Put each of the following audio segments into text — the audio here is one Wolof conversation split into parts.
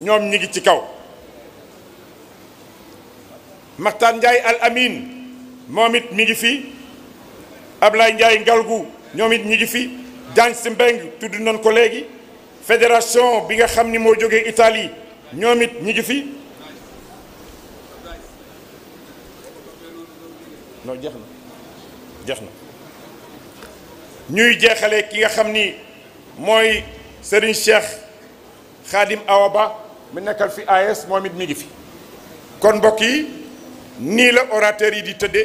Nous ñi ngi ci kaw Maxtaan Al Amin momit mi ngi fi Ablaye ndjay Ngalgu ñomit ñi ngi fi Dans non ko fédération bi nga xamni Italie Nous ñi ngi fi non ñuy ki nga xamni moy Serigne Cheikh Khadim Awaba mi nekkal fi AS moom it mi ngi fi kon mbokk yi nii la orateur yi di tëdde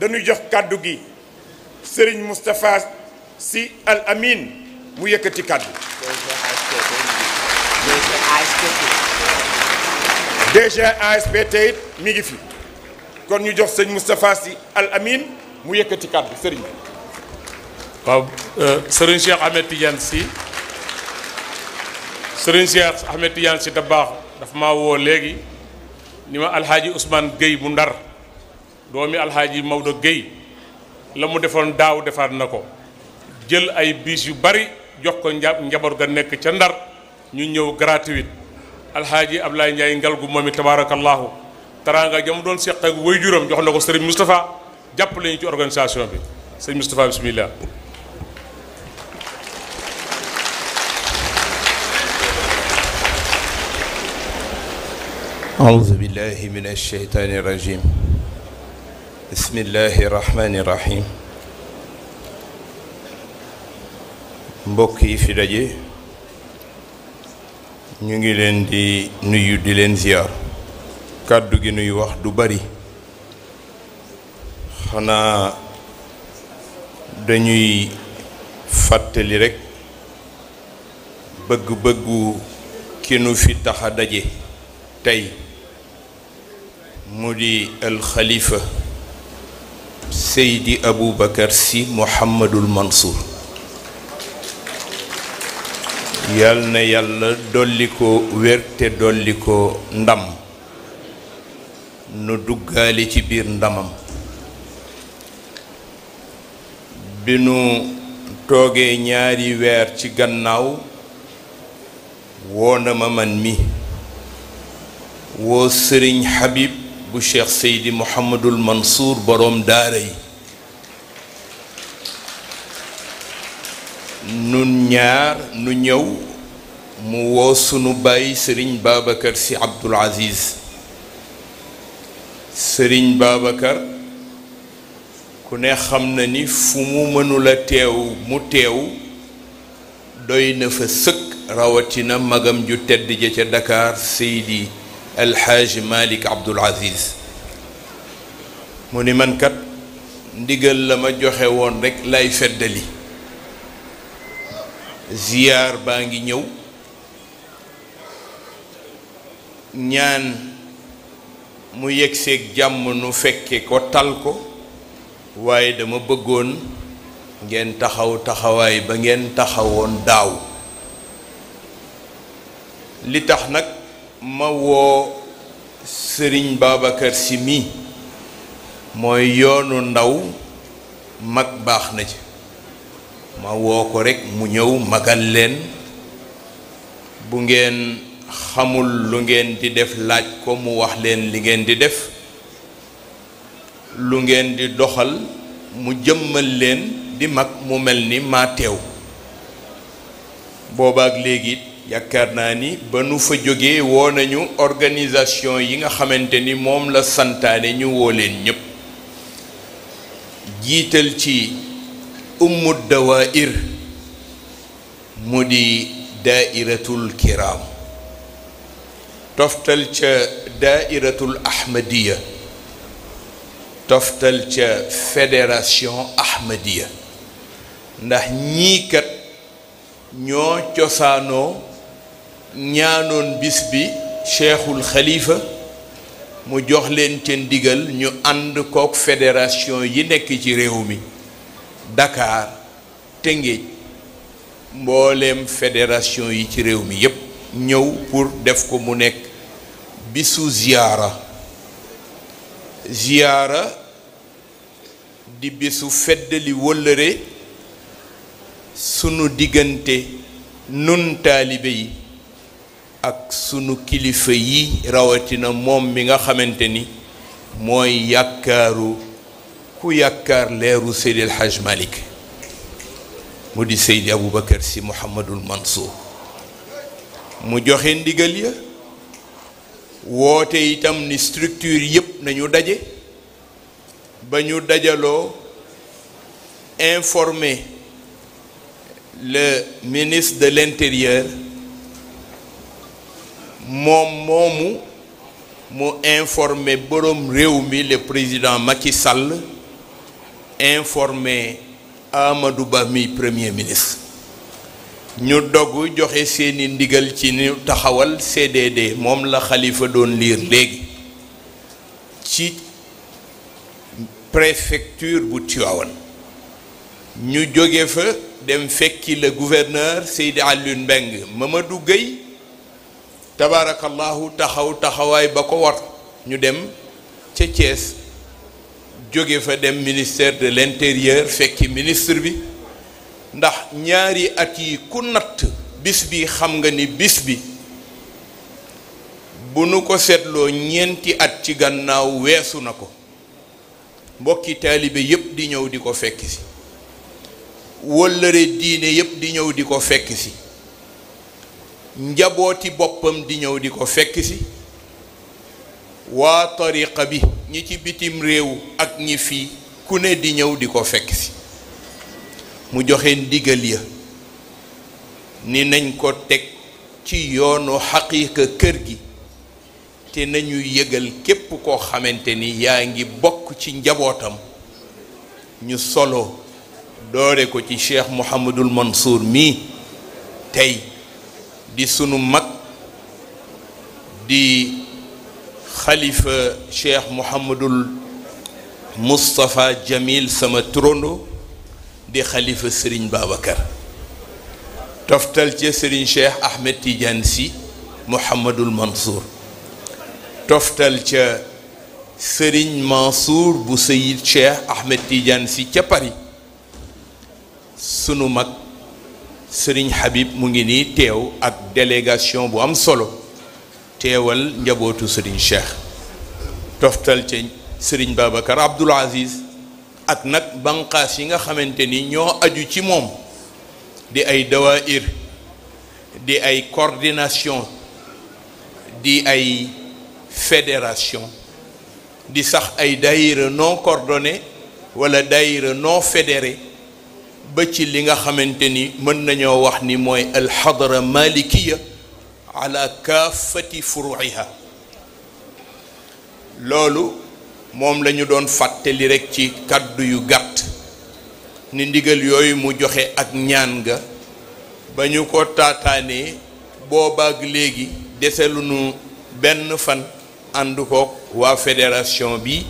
dañuy jox kàddu gi sëriñ Moustapha si Al Amin mu yëkkati kàddu DG ASPT it mi ngi fi kon ñu jox sëñ Moustapha si Al Amin mu yëkkati kàddu Serigne waaw euh, Serigne Cheikh Ahmed Tidiane Sy sëriñ Cheikh Ahmed Tidiane si Dabakh dafa maa woo léegi ni ma alxaaji Ousmane Gueye bu ndar doomi alxaaji Maodo Gueye la mu defoon daaw defaat na ko jël ay biis yu bari jox ko nja njaboot ga nekk ca ndar ñu ñëw gratuit alxaaji Ablaye ngal gu moom it tabaarakallaahu taraanga ja mu doon seq ak waajuram jox na ko sëriñ Moustapha jàpp ñu ci organisation bi sëriñ Moustapha bismillah أعوذ بالله من الشيطان الرجيم بسم الله الرحمن الرحيم مبكي في دجي نيغي لين دي نيو دي لين زيار كادو جي نيو واخ دو باري خنا دانيي فاتلي رك بغ بغو كينو في تاخا دجي تاي مدي الخليفة سيدي أبو بكر سي محمد المنصور يالنا يالنا دوليكو ويرت دوليكو ندم ندوغالي تبير ندمم بنو توغي نياري ويرت غناو وانا ممن مي وسرين حبيب bu cheikh seydi mohammedul mansour borom daara yi nun ñaar nu ñëw mu wo sunu bay serigne babacar si abdul aziz serigne babacar ku ne xamna ni fu mu la tew mu tew doyna fa sëkk rawatina magam ju tedd je ca dakar seydi alxaaji malik abdul aziz mu ni man kat ndigal la ma joxe woon rekk lay feddali ziyaar baa ngi ñëw ñaan mu yegseeg jàmm nu fekke ko tal ko waaye dama bëggoon ngeen taxaw taxawaay ba ngeen taxawoon daaw li tax nag ma woo sëriñ Babacar Sy mi mooy yoonu ndaw mag baax na ci ma woo ko rekk mu ñëw magal leen bu ngeen xamul lu ngeen di def laaj ko mu wax leen li ngeen di def lu ngeen di doxal mu jëmmal leen di mag mu mel ni maa teew boobaak léegi yaakaar naa ni ba nu fa jógee woo nañu organisation yi nga xamante ni moom la santaane ñu woo leen ñépp jiital ci ummu dawair mu di daairatul kiraam toftal ca daairatul ahmadiya toftal ca fédération ahmadiya ndax ñii kat ñoo cosaanoo ñaanoon bis bi cheikhul xalifa mu jox leen ca ndigal ñu ànd kook fédération yi nekk ci réew mi Dakar Tëngéej mboolem fédération yi ci réew mi yépp ñëw pour def ko mu nekk bisu ziyaara ziyaara di bisu feddali wëllëre sunu diggante nun taalibe yi ak sunu kilifa yi rawatina moom mi nga xamante ni mooy yàkkaaru ku yàkkaar leeru Seydi El Hadj Malick mu di Seydi Aboubacar si Mansour mu joxe ndigal ya itam ni structure yep nañu daje ba ñu dajaloo informer le ministre de l'intérieur mon mot informé le président Macky Sall informé Amadou Bami, premier ministre nous avons joxe des ndigal ci ni taxawal CDD mom la khalifa don lire ci préfecture bu ñu dem le gouverneur Seydi Gueye tabaarakallahu taxaw taxawaay ba ko war ñu dem ca Thiès jóge fa dem ministère de l'intérieur fekki ministre bi ndax ñaari at yi ku natt bis bi xam nga ni bis bi bu nu ko seetloo ñeenti at ci gannaaw weesu na ko mbokki taalibe yépp di ñëw di ko fekk si wëllëre diine yépp di ñëw di ko fekk ci njabooti boppam di ñëw di ko fekk si waa tariqa bi ñi ci bitim réew ak ñi fi ku ne di ñëw di ko fekk si mu joxe ndigal ya ni nañ ko teg ci yoonu xaqiiqa kër gi te nañu yëgal képp koo xamante ni yaa ngi bokk ci njabootam ñu solo doore ko ci cheikh Mouhamadul Mansour mii tey di sunu mag di khalifa cheikh mohammedul mustafa jamil sama turondo di khalifa serigne babacar toftal ci serigne cheikh ahmed tidiane si mohammedul mansour toftal ci serigne mansour bu seyid cheikh ahmed tidiane si ci Paris sunu mag Sering Habib Mungini ngi et délégation bu am solo teewal njabotu Serigne Cheikh toftal ci Serigne Babacar Abdoul Aziz ak nak banqas yi nga xamanteni ño aju ci mom di ay dawa'ir di ay coordination di ay fédération di sax ay daïra non coordonné wala daïra non fédéré ba li nga xamante ni mën nañoo wax ni mooy alxadara malikiya ala kaafati furuiha loolu moom lañu doon fàttali rekk ci kàddu yu gàtt ni ndigal yooyu mu joxe ak ñaan ga ba ñu ko taataanee boobaak léegi deselu benn fan ànd kook waa fédération bi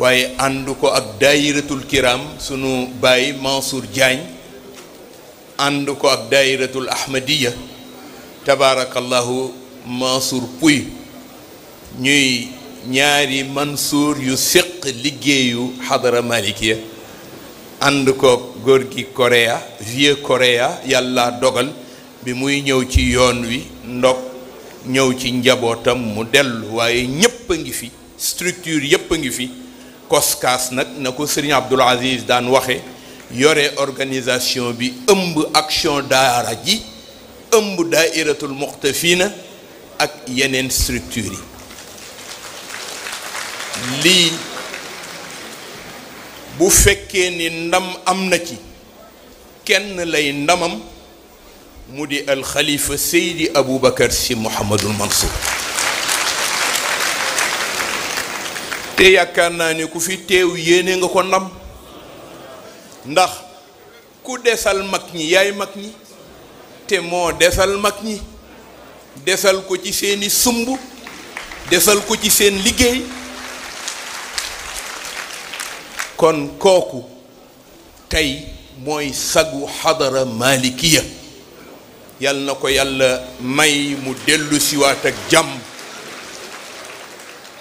waaye ànd ko ak daayiratul kiram sunu baay Mansour Diagne ànd ko ak daayiratul ahmadiya tabaarakallahu Mansour Pouy ñuy ñaari Mansour yu séq liggéeyu xadara malikiya ànd ko góor gi Korea vieux Korea yàlla dogal bi muy ñëw ci yoon wi ndog ñëw ci njabootam mu dellu waaye ñépp a ngi fi structure yépp a ngi fi COSCAS nag na ko sëriñ Abdoul Aziz daan waxe yore organisation bi ëmb action daara ji ëmb daairatul muxtafina ak yeneen structure yi lii bu fekkee ni ndam am na ci kenn lay ndamam mu di alxalifa seydi aboubacar si mouhamadul mansour te yaakaar naa ni ku fi teew yéene nga ko ndam ndax ku desal mag ñi yaay mag ñi te moo desal mag ñi desal ko ci seeni sumb desal ko ci seen liggéey kon kooku tey mooy sagu xadara malikiya yal na ko yàlla may mu dellu siwaat ak jàmm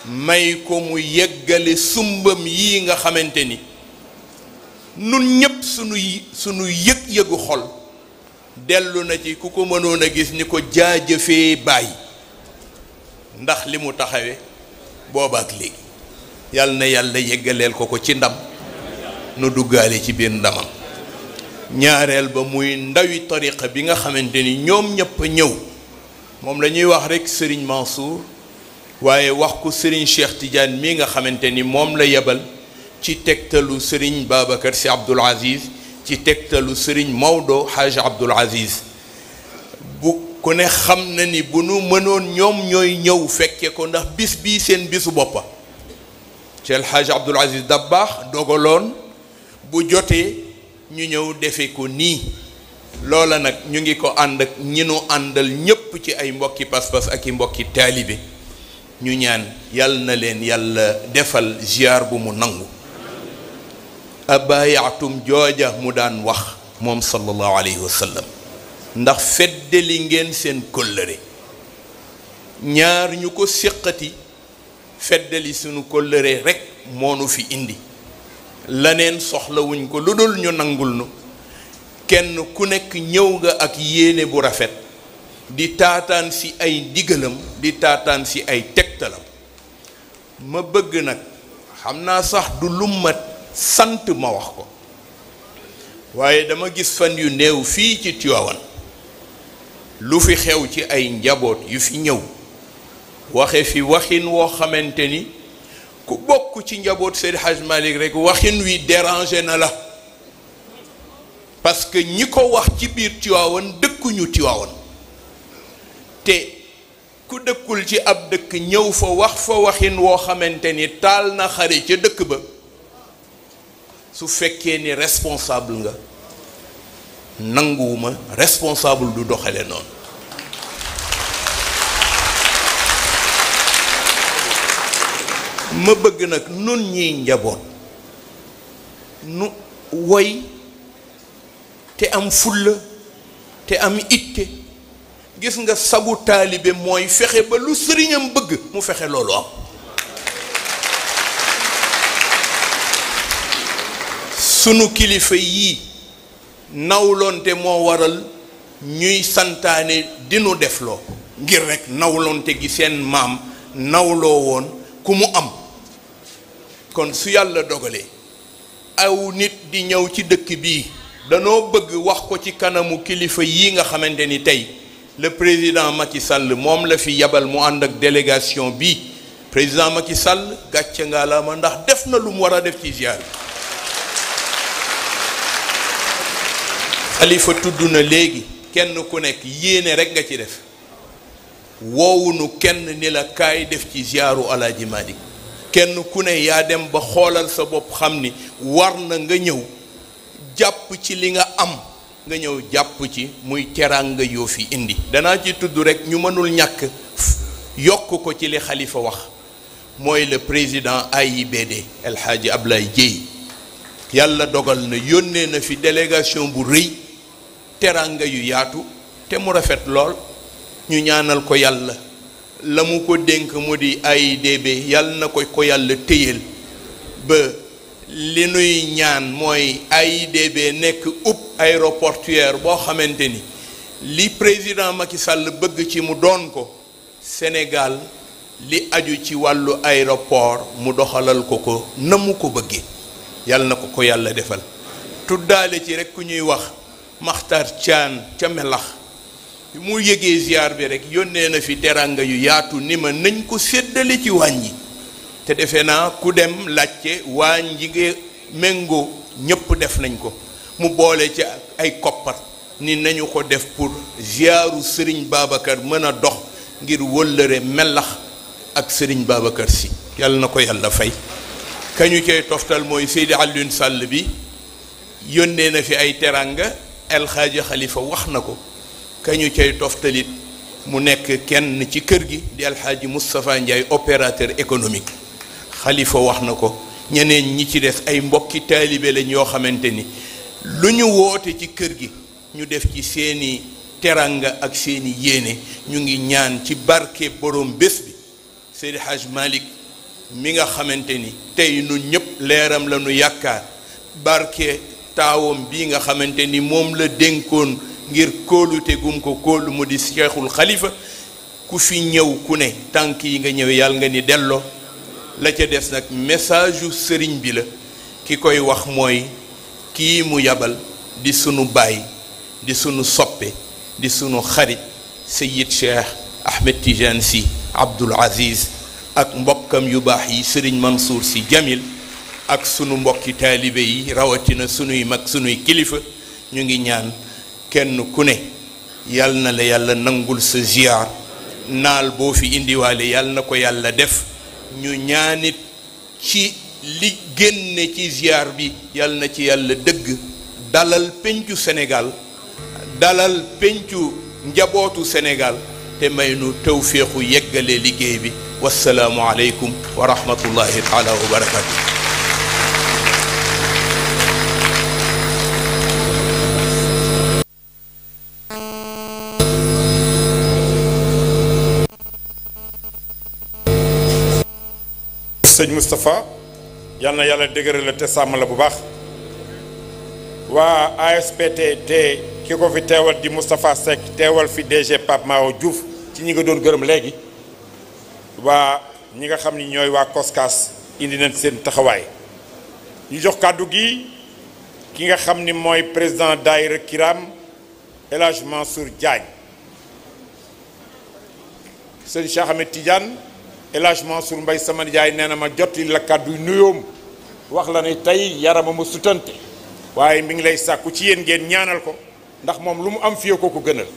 may ko mu yeggale sumbam yi nga xamante ni nun ñépp sunu sunu yëg-yëgu xol dellu na ci ku ko mënoon a gis ni ko jaajëfee bàyyi ndax li mu taxawe boobaak léegi yàlla na yàlla yeggaleel ko ko ci ndam nu duggaale ci biir ndamam ñaareel ba muy ndawi tariqa bi nga xamante ni ñoom ñépp ñëw moom la wax rekk Sëriñ Mansour waaye wax ko sëriñ Cheikh Tidiane mii nga xamante ni moom la yebal ci tegtalu Serigne Babacar si Abdoul Aziz ci tegtalu Serigne Maodo Hadj Abdoul Aziz bu ku ne xam na ni bu nu mënoon ñoom ñooy ñëw fekke ko ndax bis bii seen bisu boppa seen Hadj Abdoul Aziz baax dogaloon bu jotee ñu ñëw defe ko nii loola nag ñu ngi ko ànd ak ñi nu àndal ñépp ci ay mbokki pas-pas ak i mbokki taalibe ñu ñaan yàll na leen yàlla defal ziar bu mu nangu abayaatum jooja mu daan wax moom sallallahu alayhi wa ndax feddali ngeen seen kóllëre ñaar ñu ko séqati feddali sunu kóllëre rekk moo nu fi indi laneen soxlawuñ ko lu dul ñu nangul nu kenn ku nekk ñëw nga ak yéene bu rafet di taataan si ay ndigalam di taataan si ay tegtalam ma bëgg nag xam naa sax du lumat sant ma wax ko waaye dama gis fan yu néew fii ci Tiwaawan lu fi xew ci ay njaboot yu fi ñëw waxe fi waxin woo xamante ni ku bokk ci njaboot Seydi Hadj Malick rek waxin wi derange na la parce que ñi ko wax ci biir Tiwaawan dëkkuñu Tiwaawan te ku dëkkul ci ab dëkk ñëw fa wax fa waxin woo xamante ni taal na xare ca dëkk ba su fekkee ni responsable nga nanguwuma responsable du doxale noonu ma bëgg nag nun ñiy njaboot nu woy te am fulla te am itte gis nga sagu taalibe mooy fexe ba lu sëriñam bëgg mu fexe loolu am sunu kilifa yii nawlonte moo waral ñuy santaane dinu defloo ngir rekk nawlonte gi seen maam nawloo woon ku mu am kon su yàlla dogalee aw nit di ñëw ci dëkk bii danoo bëgg wax ko ci kanamu kilifa yi nga xamante ni tey le président Macky Sall moom la fi yabal mu ànd ak délégation bi président Macky Sall gàcce nga la ma ndax def na lu war a def ci ziar xalifa tudd na léegi kenn ku nekk yéene rek nga ci def woowunu kenn ni la kaay def ci ziaru Alaaji Maalik kenn ku ne yaa dem ba xoolal sa bopp xam ni war na nga ñëw jàpp ci li nga am nga ñëw jàpp ci muy teraanga yoo fi indi danaa ci tudd rek ñu mënul ñàkk yokk ko ci li xalifa wax mooy le président AIBD El Hadji Ablaye Dieye yàlla dogal na yónnee na fi délégation bu rëy teraanga yu yaatu te mu rafet lool ñu ñaanal ko yàlla la mu ko dénk mu di AIDB yàlla na ko ko yàlla téyeel ba li nuy ñaan mooy ay AIBD nekk hub aéroportuaire boo xamante ni li président Macky Sall bëgg ci mu doon ko Sénégal li aju ci wàllu aéroport mu doxalal ko ko na mu ko bëggee yàlla na ko ko yàlla defal tuddaale ci rek ku ñuy wax Maxtar Thian ca melax mu yëgee ziar bi rek yónnee na fi teranga yu yaatu ni ma nañ ko séddale ci wàññi te defe naa ku dem laajte waa njige méngoo ñëpp def nañ ko mu boole ci ay koppar ni nañu ko def pour ziaru Serigne Babacar mën a dox ngir wëllëre mellax ak Serigne Babacar si yàlla na ko yàlla fay kañu cay toftal mooy Seydi Alioune sàll bi yónnee na fi ay teranga El Hadji Khalifa wax na ko kañu cay toftalit mu nekk kenn ci kër gi di El Hadji Moustapha Ndiaye opérateur économique xalifa wax na ko ñeneen ñi ci des ay mbokki taalibe lañ yoo xamante ni lu ñu woote ci kër gi ñu def ci seeni teranga ak seeni yéene ñu ngi ñaan ci barke borom bés bi Seydi Haj Malick mi nga xamante ni tey nu ñëpp leeram lañu yàkkaar barke taawam bi nga xamante ni moom la dénkoon ngir kóolute gum ko kóolu mu di seexul xalifa ku fi ñëw ku ne tànk yi nga ñëw yàlla nga ni delloo la ca des nag message yu sëriñ bi la ki koy wax mooy kii mu yabal di sunu baay di sunu soppe di sunu xarit Seyid Cheikh Ahmed Tidiane Sy Abdoul Aziz ak mbokkam yu baax yi sëriñ Mansour Sy Jamil ak sunu mbokki taalibe yi rawatina sunuy mag sunuy kilifa ñu ngi ñaan kenn ku ne yàlla na la yàlla nangul sa ziyaar naal boo fi indiwaale yàlla na ko yàlla def ñu ñaanit ci li génne ci ziar bi yal na ci yàlla dëgg dalal pencu Sénégal dalal pencu njabootu Sénégal te may nu tawféexu yeggale liggéey bi wasalaamu aleykum wa rahmatullahi taala wa barakatuh sëñ Moustapha yàlla na yàlla dëgëral la te sàmm la bu baax waa ASPT te ki ko fi teewal di Moustapha Seck teewal fi DG Pape Mao Diouf ci ñi nga doon gërëm léegi waa ñi nga xam ni ñooy waa COSCAS indi nañ seen taxawaay ñu jox kàddu gi ki nga xam ni mooy président daayira Kiram El sur Mansour Diagne sëñ Cheikh El sur mbay Mbaye jay nena ma jot la kàddu nuyom wax la ni tay yarama mu sutante waye mi ngi lay sàkku ci yéen ngeen ñaanal ko ndax mom lu mu am fiyee ko ko gënal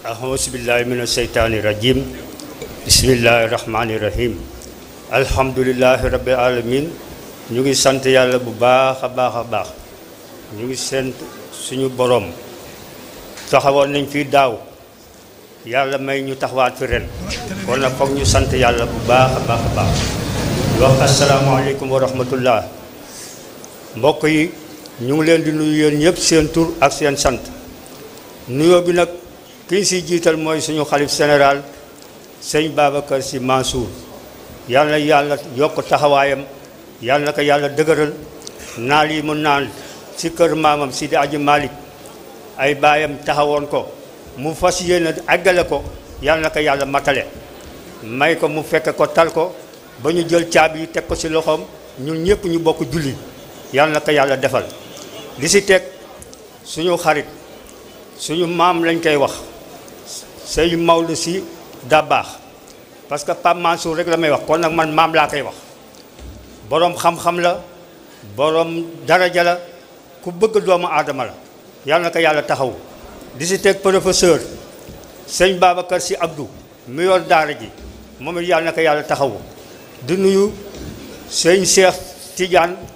أعوذ بالله من الشيطان الرجيم بسم الله الرحمن الرحيم الحمد لله رب العالمين ñu ngi sant yàlla bu baax a baax a baax ñu ngi sant suñu boroom taxawoon nañ fi daaw yàlla may ñu taxawaat fi ren kon nag foog ñu sant yàlla bu baax a baax a baax di wax asalaamaaleykum wa mbokk yi ñu ngi leen di nuyu yéen ñëpp seen tur ak seen sant nuyoo bi nag kii si jiital mooy suñu xalif général sëñ Babacar Sy Mansour yàlla yàlla yokk taxawaayam yàlla na ko yàlla dëgëral naal yi mu naan si kër maamam Sidi Aji Malick ay baayam taxawoon ko mu fas yéene àggale ko yàlla na ko yàlla matale may ko mu fekk ko tal ko ba ñu jël caab yi teg ko si loxoom ñun ñëpp ñu bokk julli yàlla na ko yàlla defal li si teg suñu xarit suñu maam lañ koy wax sëy Maodo si Dabakh parce que Pape Mansour rek la may wax kon nag man maam laa koy wax boroom xam-xam la boroom daraja la ku bëgg doomu aadama la yàlla na yàlla taxaw di si teg professeur sëñ baabakar si Abdou mu yor daara ji moom it yàlla na ko yàlla taxaw di nuyu sëñ Cheikh Tidiane